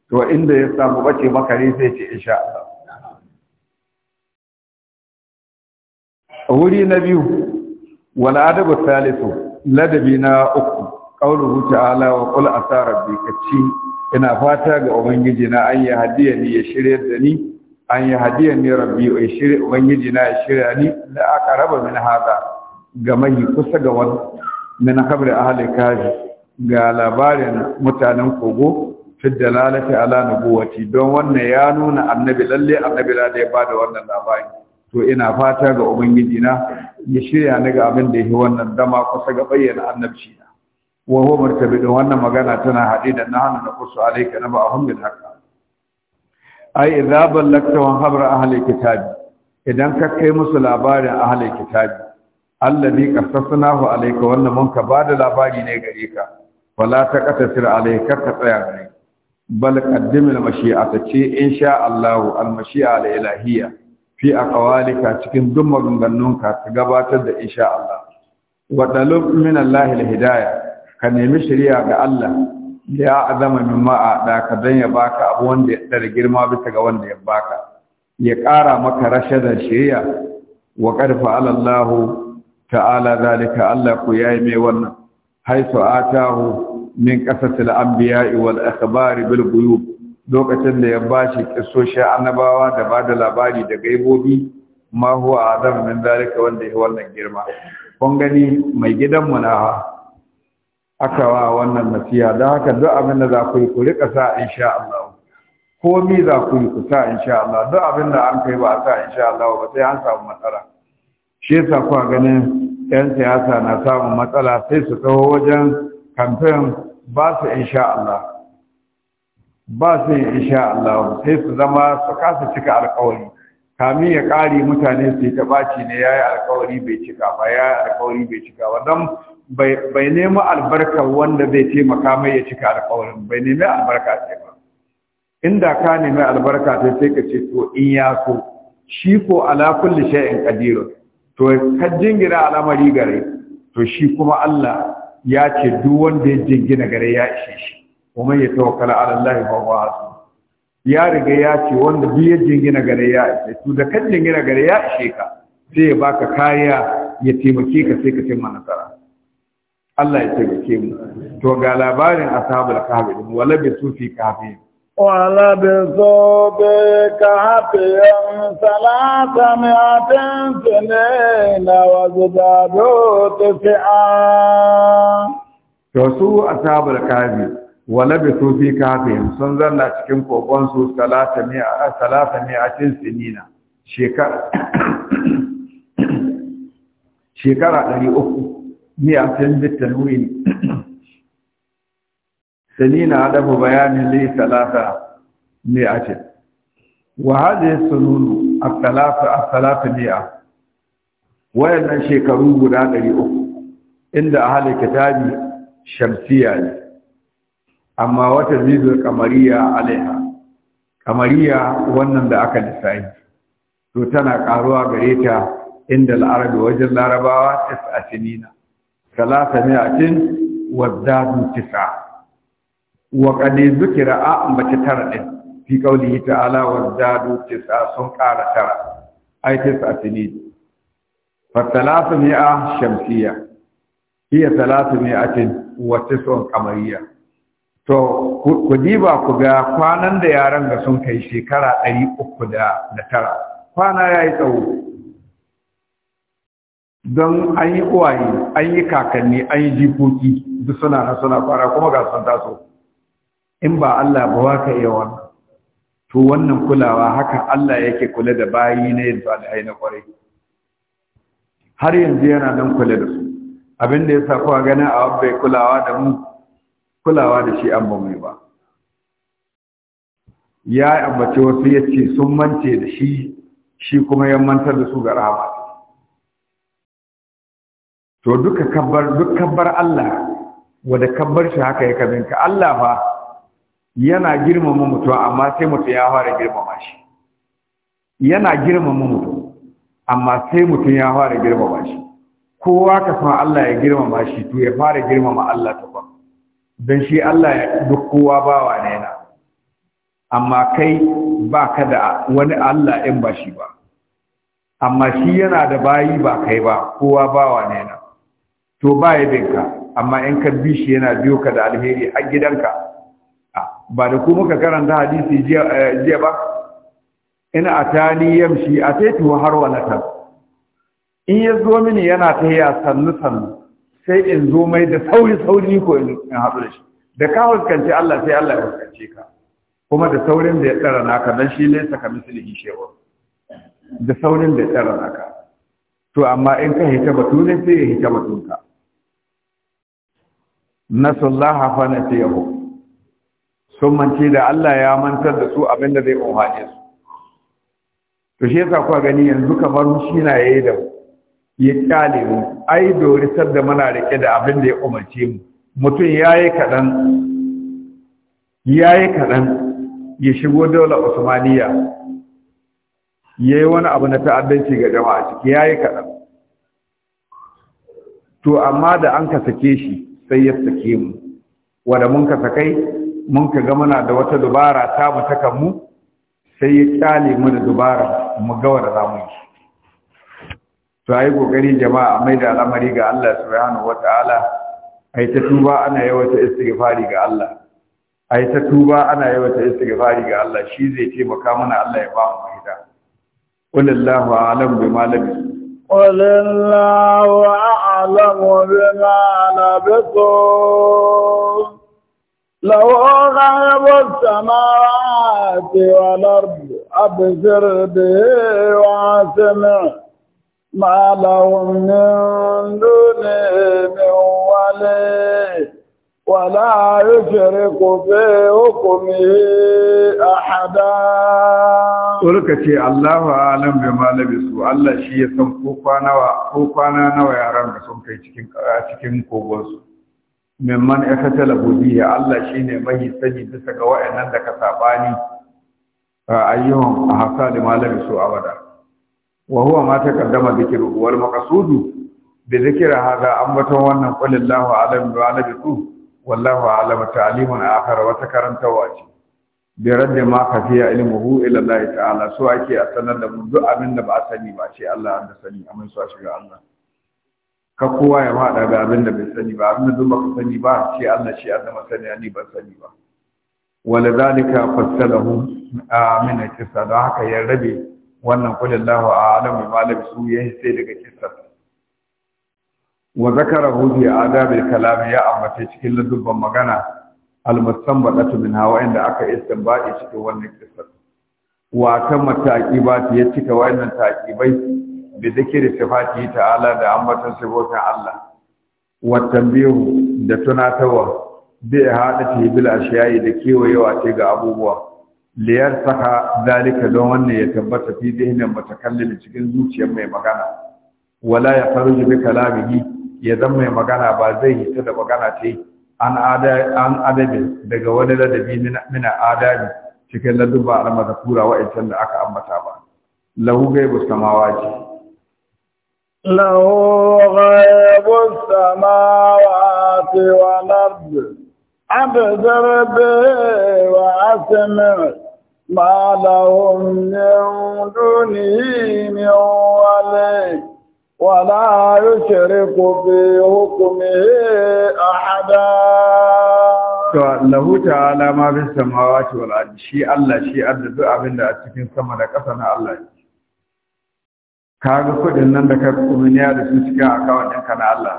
S1: to inda ya samu bace makari sai ce insha Allah wuri na biyu Wala adabu salisu ladabi na uku qauluhu ta'ala wa Kula asa rabbi ina fata ga ubangiji na an yi hadiya ni ya shirya da ni an ya hadiya ni rabbi ya shirya ubangiji na ya shirya ni da aka raba min haza ga mahi kusa ga wani min kabri ahli kaji ga labarin mutanen kogo fi dalalati ala nubuwati don wannan ya nuna annabi lalle annabi lalle ya da wannan labari to ina fata ga ubangiji na ya shirya ni ga abin da yake wannan dama kusa ga bayyana annabci na wa huwa martabi da wannan magana tana haɗe da nahnu na kusu alayka na ba'ahum bil haqq ai idza ballagta wa habra ahli kitabi idan ka kai musu labarin ahli kitabi allazi qassasnahu alayka wannan mun ka bada labari ne gare ka wala taqatasir alayka ka tsaya gare bal qaddim al mashi'ata ce insha Allah al mashi'a al ilahiyya fi ƙawalika cikin duk maganganunka ka gabatar da insha Allah wa talab min Allah hidaya ka nemi shari'a ga Allah ya azama min ma'a da ka dan ya baka abu wanda ya tsare girma bisa ga wanda ya baka ya ƙara maka rashadar shari'a wa qarfa ala ta'ala zalika Allah ku yi mai wannan haisu atahu min qasatil anbiya'i wal akhbari bil ghuyub lokacin da ya bashi kisoshin annabawa da ba da labari da gaibobi ma huwa adam min zalika wanda ya wannan girma kun gani mai gidan mu na aka wa wannan nasiha don haka duk abin da za ku yi ku rika sa insha Allah ko mi za ku yi ku sa insha Allah duk abin da an kai ba sa insha Allah ba sai an samu matsala shi yasa kuwa ganin yan siyasa na samun matsala sai su kawo wajen kamfen ba su insha Allah ba su yi insha Allah sai su zama su kasa cika alkawari kamin ya ƙari mutane su yi ta ɓaci ne ya yi alkawari bai cika ba ya yi alkawari bai cika ba don bai nemi albarka wanda zai taimaka mai ya cika alkawarin bai nemi albarka ce ba inda ka nemi albarka ta sai ka ce to in ya so shi ko ala kulli shay'in qadir to ka jingira al'amari gare to shi kuma Allah ya ce duk wanda ya jingina gare ya ishe shi wa man yatawakkala ala Allah fa huwa hasbuh ya riga ya ce wanda duk ya jingina gare ya ce to da kan gina gare ya ishe ka sai ya baka kariya ya taimake ka sai ka nasara Allah ya taimake mu to ga labarin ashabul kahfi wala bi sufi kahfi
S2: wala bi zobe kahfi salata mi'atin sanina wa zidadu tis'a
S1: to su ashabul kahfi walabe su fi kafin sun zanna cikin kogon su talata mi'atin sinina shekara ɗari uku mi'atin bitanwin sinina dafa bayanin ne talata mi'atin wa hajji sununu a ne mi'a wayannan shekaru guda ɗari uku inda a kitabi tabi shamsiya ne amma wata zizul kamariya alaiha kamariya wannan da aka lissafi to tana karuwa gare ta inda al'arabi wajen larabawa salasa ne a cin wazzadu tis'a wa qad zikira a ambaci tara din fi qawlihi ta'ala wazzadu tis'a sun kara tara ai tis'a sinin fa salasa mi'a shamsiyya hiya salasa cin wa tis'un kamariya to ku diba ku ga kwanan da yaran ga sun kai shekara ɗari uku da tara kwana ya yi tsawo don an yi uwaye an yi kakanni an yi jikoki duk suna na suna fara kuma ga sun taso in ba Allah ba wa ka iya wannan to wannan kulawa haka Allah yake kula da bayi na yin salihai na kwarai har yanzu yana nan kula da su abin da ya sa kuwa gani a wabbai kulawa da mu kulawa da shi an ba mai ba ya ambace wasu ya ce sun mance da shi shi kuma ya mantar da su ga rahama to duka kabbar duk kabbar Allah wanda kabbar shi haka ya kabinka Allah fa yana girmama mutum amma sai mutum ya fara girmama shi yana girmama mutum amma sai mutum ya fara girmama shi kowa ka san Allah ya girmama shi to ya fara girmama Allah ta ba don shi Allah duk kowa bawa ne amma kai ba ka da wani Allah in ba shi ba amma shi yana da bayi ba kai ba kowa bawa ne to ba ya binka amma in ka bi shi yana biyo ka da alheri a gidanka ba da ku muka karanta hadisi jiya eh, ba ina atani yamshi a ataitu har walatan in ya zo mini yana ta yi sannu sannu sai in zo mai da sauri sauri ko in haɗu da shi da ka huskance Allah sai Allah ya huskance ka kuma da saurin da ya tsara naka dan shi ne saka misali shewa da saurin da ya tsara naka to amma in ka hita batu ne sai ya hita batunka na fa nasiyahu sun mance da Allah ya mantar da su abinda zai umhaje su to shi yasa kuwa gani yanzu kamar shi na yayi da mu ya kyale mu ai dori da muna rike da abin da ya umarce mu mutum yayi kaɗan yayi kaɗan ya shigo daular usmaniya yayi wani abu na ta'addanci ga jama'a ciki yayi kaɗan to amma da an ka sake shi sai ya sake mu wanda mun ka sakai mun ka ga muna da wata dubara ta mu ta mu sai ya kyale mu da dubara mu ga wanda za mu yi to ayi kokari jama'a mai da al'amari ga Allah subhanahu wataala ai ta tuba ana yawata istighfari ga Allah ai ta tuba ana yawata istighfari ga Allah shi zai taimaka mana Allah ya ba mu mafita wallahu a'lam bima labis
S2: wallahu a'lam bima labis لو غيب السماوات والأرض أبصر به وأسمع ما لهم من دونه من ولي ولا يشرك في حكمه أحدا
S1: Turka ce Allahu alam bi ma su, Allah shi ya san ko kwana nawa yaran da sun kai cikin cikin kogonsu memman ya kata ya Allah shi ne mai sani bisa ga 'wa'yan nan da ka A sabani a hasa da malami su abada wa huwa ma taqaddama dhikru wal maqsudu bi dhikri hadha ambaton wannan qulillahu alam wa ala bisu wallahu alam ta'limun akhar wa takarantawa ce bi radda ma kafiya ilmuhu ila Allah ta'ala so ake a sanar da mu duk abin da ba a sani ba ce Allah an da sani amma so a shiga Allah
S2: ka kowa ya fada ga abin da bai
S1: sani ba abin da duk baka sani ba ce Allah shi Allah masani ni ban sani ba ولذلك فصله من القصة don haka ya rabe wannan kulillahu a'lamu su ya yi sai daga kissa wa zakara hu bi adabil kalam ya ambata cikin ladubban magana almustanbadatu min hawa inda aka istinbadi cikin wannan kissa wa ta mataqibat ya cika wannan takibai bi zikri sifati ta'ala da ambatan sifatin Allah wata biyu da tunatarwa bi hadati bil shayi da kewayewa ce ga abubuwa liyar saka zalika don wannan ya tabbata fi dihnin mutakallim cikin zuciyar mai magana wala ya faruji bi kalamihi ya zama mai magana ba zai hita da magana ce an adabi daga wani ladabi mina adabi cikin laduba da mazkura wa'ancan da aka ambata ba lahu gaibu samawati
S2: lahu gaibu samawati wal ard abzar bi wa asma' ما لهم من دونه من ولي ولا يشرك في حكمه أحدا
S1: lahu ta'ala ma bis samawati wal ardi shi Allah shi adda duk abin da a cikin sama da ƙasa na Allah ne ga kudin nan da ka kuminiya da su cikin akawun ɗinka na Allah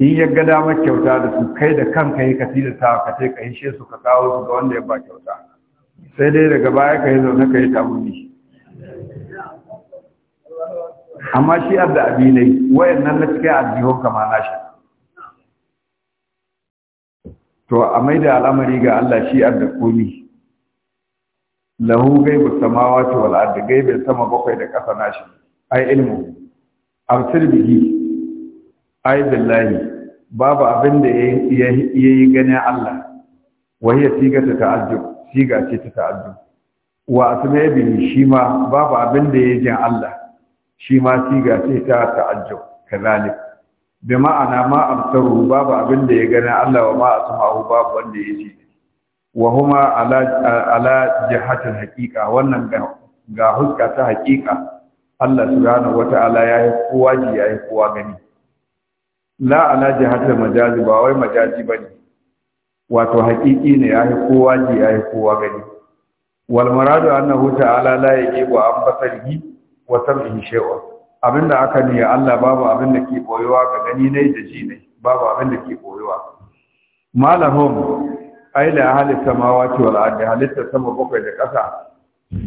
S1: in ya ga damar kyauta da su kai da kanka yi ka ta ka ka hishe su ka kawo su ga wanda ya ba kyauta sai dai daga baya ka yi zaune ka yi tabuni amma shi ne wayan nan na cikin addihon kama shi to a mai da al'amari ga Allah shi adda komi lahu gaibu samawati wal ard gaibin sama bakwai da ƙasa nashi ai ilmu absir bihi ai billahi babu abin da ya yi ganin Allah wahiyya siga ta ta'ajjub siga ce ta ta'ajjub wa asma bi shi ma babu abin da ya jin Allah shi ma siga ce ta ta'ajjub kazalik bi ma'ana ma absaru babu abin da ya gani Allah wa ma asma'u babu wanda ya ji wa huma ala ala jihatil haqiqa wannan ga ga huska ta haqiqa Allah subhanahu wata'ala yayi kowa ji yayi kowa gani la ala jihatul majazi ba wai majazi bane wato hakiki ne yayi kowa ji yayi kowa gani wal maradu annahu ta'ala la yake an basarihi wa sam'ihi shay'a abinda aka ne Allah babu abin da ke koyowa ga gani ne da ji ne babu abin da ke koyowa malahum aila ahli samawati wal ardi halitta sama bakwai da ƙasa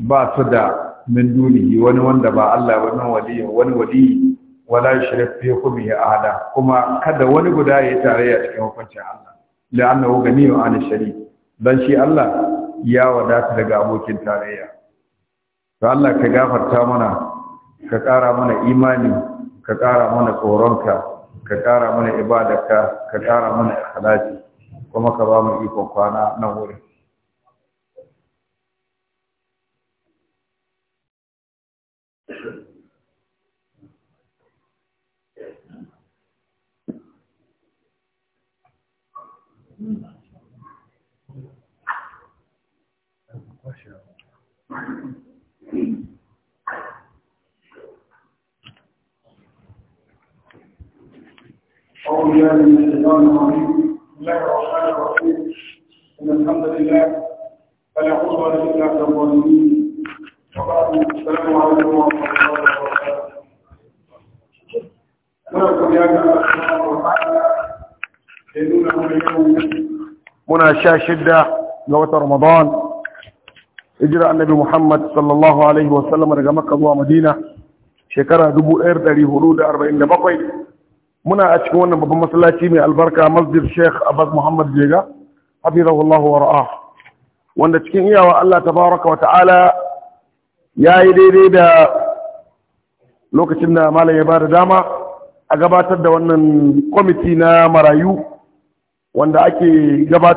S1: ba su da min dunihi wani wanda ba Allah wani waliyi wani waliyi wala shirif fi hukmihi ahada kuma kada wani guda ya tarayya cikin hukuncin Allah la'annahu ganiyun an sharik dan shi Allah ya wadata daga abokin tarayya to Allah ka gafarta mana ka kara mana imani ka ƙara mana tsoronka ka ƙara mana ibadarka ka kara mana ikhlasi kuma ka ba mu ikon kwana na wurin
S2: أعوذ بالله من الشيطان الرجيم بسم الله الرحمن الرحيم إن الحمد لله فلا عدوان إلا على الظالمين وبعد السلام عليكم ورحمة الله وبركاته. نرجو بأن الله سبحانه وتعالى
S1: muna sha shidda ga watan ramadan hijira annabi muhammad sallallahu alaihi wasallam daga makka zuwa madina shekara 1447 muna a cikin wannan babban masallaci mai albarka masjid sheikh abbas muhammad jega wa wanda cikin iyawa allah tabaraka wa ta'ala ya yi daidai da lokacin da malam ya ba da dama a gabatar da wannan kwamiti na marayu wanda ake gabatar